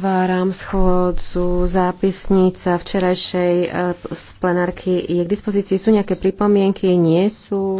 Otváram schôdzu zápisnica včerajšej eh, z plenárky. Je k dispozícii sú nejaké pripomienky? Nie sú.